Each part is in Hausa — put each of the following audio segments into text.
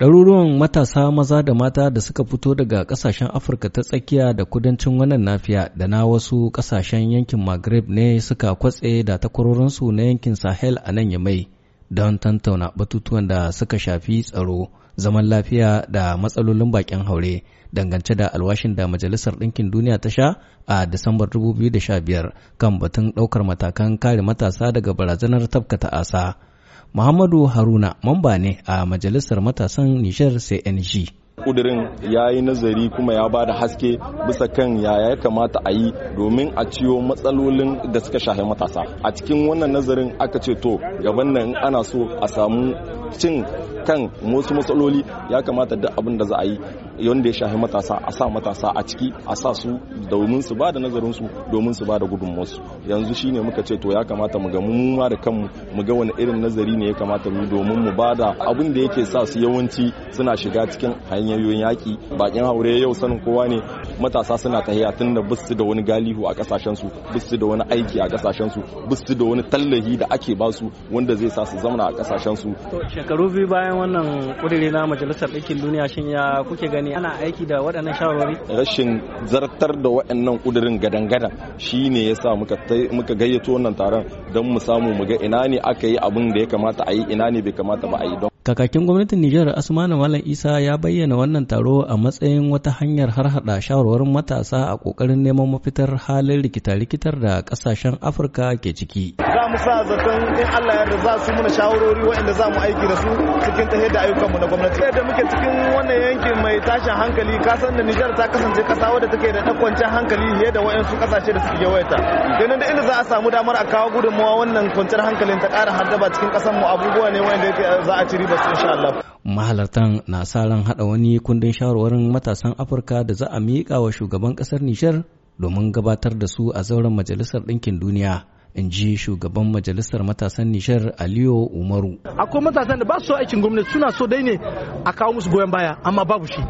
Ɗaruruwan matasa maza da mata da suka fito daga ƙasashen Afirka ta tsakiya da kudancin wannan nafiya da na wasu ƙasashen yankin Maghreb ne suka kwatse da takwarorinsu na yankin Sahel a nan Yamai don tantauna batutuwan da suka shafi tsaro, zaman lafiya da matsalolin bakin haure dangance da alwashin da Majalisar Ɗinkin Duniya ta sha a Disambar 2015 kan batun ɗaukar matakan kare matasa daga barazanar tafkata asa. Muhammadu Haruna mamba ne a Majalisar Matasan Nijar CNG. kudirin ya yi nazari kuma ya ba da haske bisa kan yaya ya kamata a yi domin a ciwo matsalolin da suka shahe matasa a cikin wannan nazarin aka ce to gaban nan ana so a samu cin kan wasu matsaloli ya kamata duk abin da za a yi wanda ya shafi matasa a sa matasa a ciki a sa su domin su ba da nazarin su domin su ba da wasu yanzu shine muka ce to ya kamata mu ga mu ma da kanmu mu ga wani irin nazari ne ya kamata mu domin mu ba da abin da yake sa su yawanci suna shiga cikin hanyoyin yaƙi bakin haure yau sanin kowa ne matasa suna tahiya tun da bisu da wani galihu a kasashen su bisu da wani aiki a kasashen su bisu da wani tallahi da ake ba su wanda zai sa su zauna a kasashen su shekaru biyu bayan wannan kudiri na majalisar ɗinkin duniya shin ya kuke gani ana aiki da waɗannan shawarwari rashin zartar da waɗannan kudirin gadan-gadan shine yasa muka muka gayyato wannan taron don mu samu mu ga ina ne aka yi abin da ya kamata a yi ina ne bai kamata ba a yi don Kakakin gwamnatin Nijar Asmanu Malam Isa ya bayyana wannan taro a matsayin wata hanyar harhaɗa shawarwarin matasa a kokarin neman mafitar halin rikita-rikitar da ƙasashen Afirka ke ciki. Za mu sa zaton in Allah ya za su muna shawarori waɗanda za mu aiki da su cikin ta da ayyukanmu na gwamnati. Yadda muke cikin wannan yankin mai tashin hankali ka san da Nijar ta kasance ƙasa wadda take da kwanciyar hankali fiye da waɗansu ƙasashe da suke wayata. Ganin da inda za a samu damar a kawo gudunmawa wannan kwanciyar hankalin ta ƙara haddaba cikin ƙasarmu abubuwa ne waɗanda za a ci riba mahalartan na sa ran hada wani kundin shawarwarin matasan Afirka da za a miƙa wa shugaban ƙasar Nijar domin gabatar da su a zauren majalisar ɗinkin duniya in ji shugaban majalisar matasan nishar aliyu umaru akwai matasan da ba su aikin gwamnati suna so dai ne a kawo musu goyon baya amma babu shi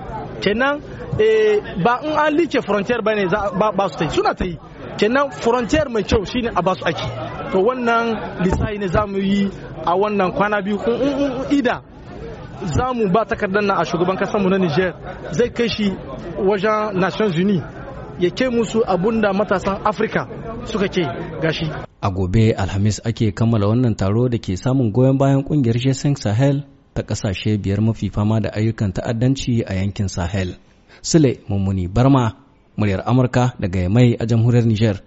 kenan eh, ba in an liƙe frontier ba ne ba su ta yi suna ta yi kenan frontier mai kyau shine a ba su aiki to wannan lisai ne za mu yi a wannan kwana biyu ida za mu ba takardar nan a shugaban kasar na niger zai kai shi wajen nations unis ya ke musu abunda matasan afirka suka ke gashi a gobe alhamis ake kammala wannan taro da ke samun goyon bayan kungiyar jason sahel ta kasashe biyar mafi fama da ayyukan ta'addanci a yankin sahel sule mummuni barma muryar amurka daga mai a jamhuriyar niger